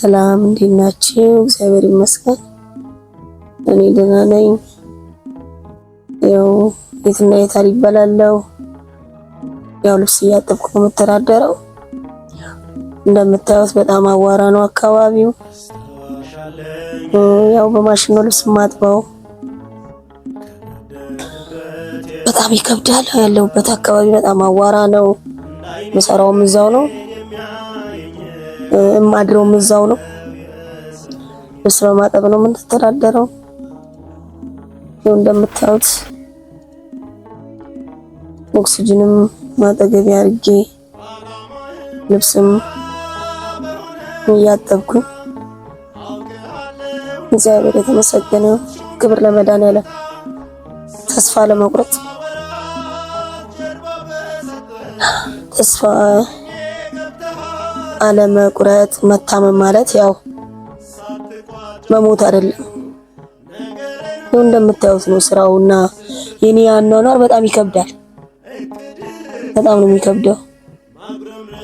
ሰላም እንዴት ናችሁ? እግዚአብሔር ይመስገን እኔ ደህና ነኝ። ያው የትና የታል ይበላለው። ያው ልብስ እያጠብኩ ነው የምተዳደረው። እንደምታዩት በጣም አዋራ ነው አካባቢው። ያው በማሽን ነው ልብስ ማጥበው። በጣም ይከብዳል። ያለሁበት አካባቢ በጣም አዋራ ነው። መሰራውም እዛው ነው እማድረውም እዛው ነው። ልብስ በማጠብ ነው የምንተዳደረው። ይኸው እንደምታዩት ኦክሲጅንም ማጠገቢያ አድርጌ ልብስም እያጠብኩኝ እግዚአብሔር የተመሰገነ ክብር ለመድኃኒዓለም። ተስፋ ለመቁረጥ ተስፋ አለመቁረጥ መታመም ማለት ያው መሞት አይደለም። ይኸው እንደምታዩት ነው ስራውና የኔ አኗኗር በጣም ይከብዳል። በጣም ነው የሚከብደው።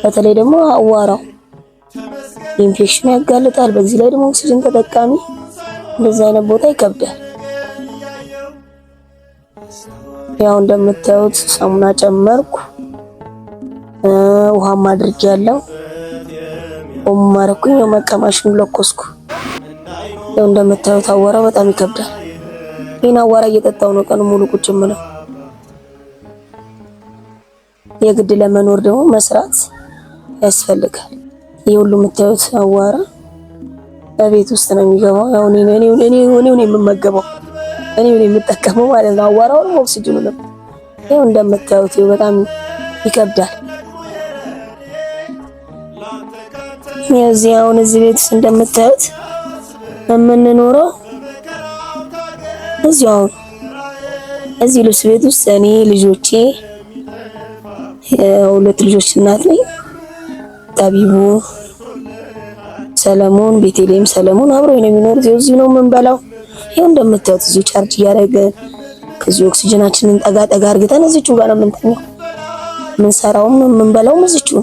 በተለይ ደግሞ አዋራው ኢንፌክሽን ያጋልጣል። በዚህ ላይ ደግሞ ኦክሲጅን ተጠቃሚ እንደዚህ አይነት ቦታ ይከብዳል። ያው እንደምታዩት ሳሙና ጨመርኩ፣ ውሃም አድርጌ ያለው ኦማረኩኝ ያው መቀማሽን ለኮስኩ። ያው እንደምታዩት አወራው በጣም ይከብዳል። ይህን አዋራ እየጠጣው ነው ቀን ሙሉ ቁጭ ምለው። የግድ ለመኖር ደግሞ መስራት ያስፈልጋል። ይህ ሁሉ የምታዩት አዋራ በቤት ውስጥ ነው የሚገባው። ያው እኔ እኔ እኔ እኔ የምመገበው እኔ እኔ የምጠቀመው ማለት ነው። አዋራው ነው ኦክሲጅኑ ነው። ያው እንደምታዩት በጣም ይከብዳል። የዚህ አሁን እዚህ ቤት እንደምታዩት የምንኖረው እዚሁ አሁን እዚህ ልብስ ቤት ውስጥ እኔ ልጆቼ የሁለት ልጆች እናት ነኝ። ጠቢቡ ሰለሞን፣ ቤቴሌም ሰለሞን አብረው ነው የሚኖሩት። እዚሁ ነው የምንበላው። ይኸው እንደምታዩት እዚሁ ቻርጅ እያደረገን ከዚህ ኦክሲጅናችንን ጠጋ ጠጋ አድርገን እዚቹ ጋር ነው የምንተኛው። የምንሰራውም የምንበላውም እዚሁ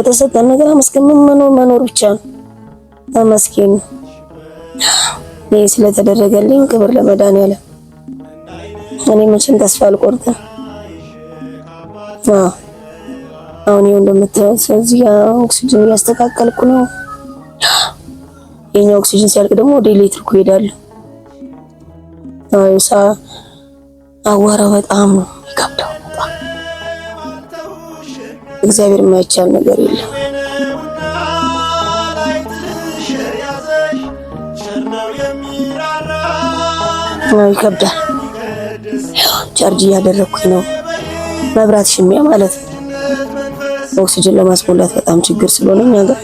በተሰጠን ነገር አመስግነን መኖር መኖር ብቻ ነው። አመስግኑ። ይህ ስለተደረገልኝ ክብር ለመድኃኒዓለም። እኔ መቼም ተስፋ አልቆርጥም። አሁን ይኸው እንደምታዩት እዚህ ኦክሲጅን እያስተካከልኩ ነው። የኛ ኦክሲጅን ሲያልቅ ደግሞ ወደ ኤሌክትሪኩ እሄዳለሁ። አዋራው በጣም ነው እግዚአብሔር የማይቻል ነገር የለም። ይከብዳል። ቻርጅ እያደረግኩኝ ነው። መብራት ሽሚያ ማለት ነው። ኦክሲጅን ለማስሞላት በጣም ችግር ስለሆነ እኛ ጋር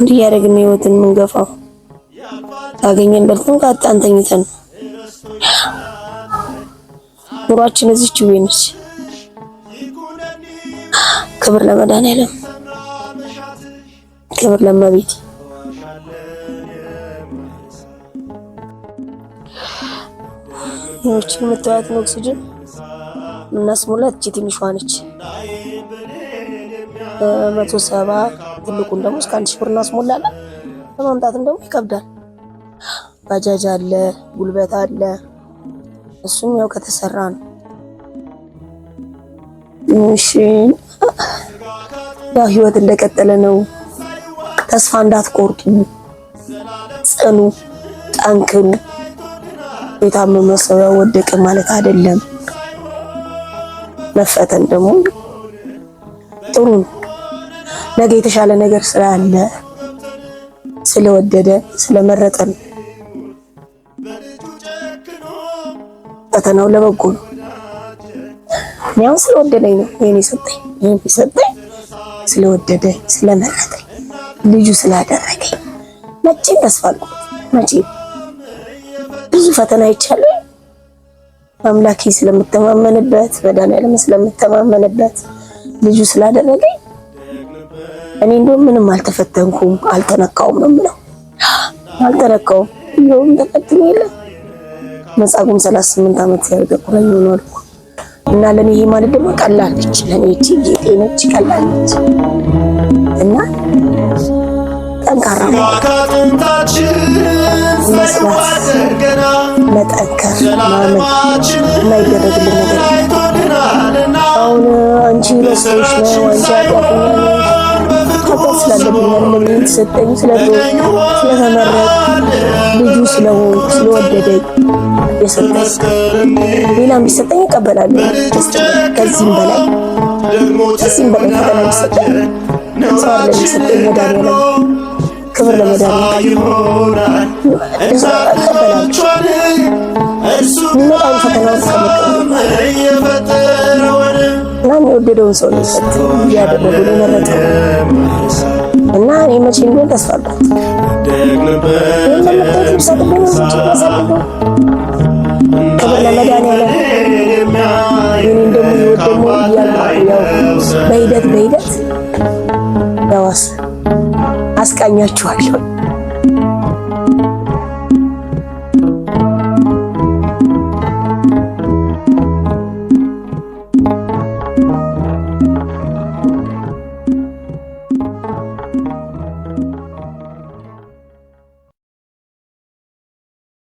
እንዲህ ያደረግን ህይወትን የምንገፋው ታገኘን በልተን ካጣን ተኝተን ኑሯችን እዚች ነች። ክብር ለመድኃኒዓለም፣ ክብር ለእመቤቴ። ይህችን የምታዩትን ኦክሲጅን የምናስሞላት እቺ ትንሿ ነች። መቶ ሰባ ትልቁን ደግሞ እስከ አንድ ሺህ ብር እናስሞላለን። ለማምጣት ደግሞ ይከብዳል። ባጃጅ አለ፣ ጉልበት አለ። እሱም ያው ከተሰራ ነው። ትንሽ ያው ህይወት እንደቀጠለ ነው። ተስፋ እንዳትቆርጡ፣ ጽኑ፣ ጠንክሩ። የታመመ ሰው ያው ወደቀ ማለት አይደለም። መፈተን ደግሞ ጥሩ ነው። ነገ የተሻለ ነገር ስላለ ስለወደደ ስለመረጠን ፈተናው ለበጎ ነው። ያው ስለወደደኝ ነው ይሄን የሰጠኝ ይሄን የሰጠኝ ስለወደደ ስለመረጠኝ ልጁ ስላደረገኝ መቼም ተስፋ አልቆርጥም። መቼም ብዙ ፈተና ይቻላል አምላኬ ስለምተማመንበት በዳንኤልም ስለምተማመንበት ልጁ ስላደረገኝ እኔ እንደውም ምንም አልተፈተንኩም፣ አልተነካውም ነው የምለው። አልተነካውም ይኸውም ተፈትኖ የለም መጻጉዕም 38 ዓመት ያርገቁ ነው አልኩ። እና ለኔ ይሄ ማለት ደግሞ ቀላል ነች፣ ለእኔ እቺ ጌጤ ነች፣ ቀላል ነች እና ጠንካራ መስራት፣ መጠንከር፣ ማመን የማይደረግልን ነገር አሁን አንቺ ለስቶች ነው አንቺ ማስከበር ስላለብኝ ምንም የተሰጠኝ ስለሆነ ስለተመረጥኩ ልጁ ስለሆን ስለወደደኝ የሰጠኝ ሌላ የሚሰጠኝ እቀበላለሁ። ከዚህም በላይ ከዚህም በላይ ፈተና የሚሰጠኝ ሰዋር ለሚሰጠኝ መድኃኒዓለም ክብር ለመድኃኒዓለም ፈተና ከመቀበል እናም የወደደውን ሰው ነው እያደረጉ ነው እንደምታደርግ ተስፋ አላት። በሂደት በሂደት ያው አስቃኛችኋለሁ።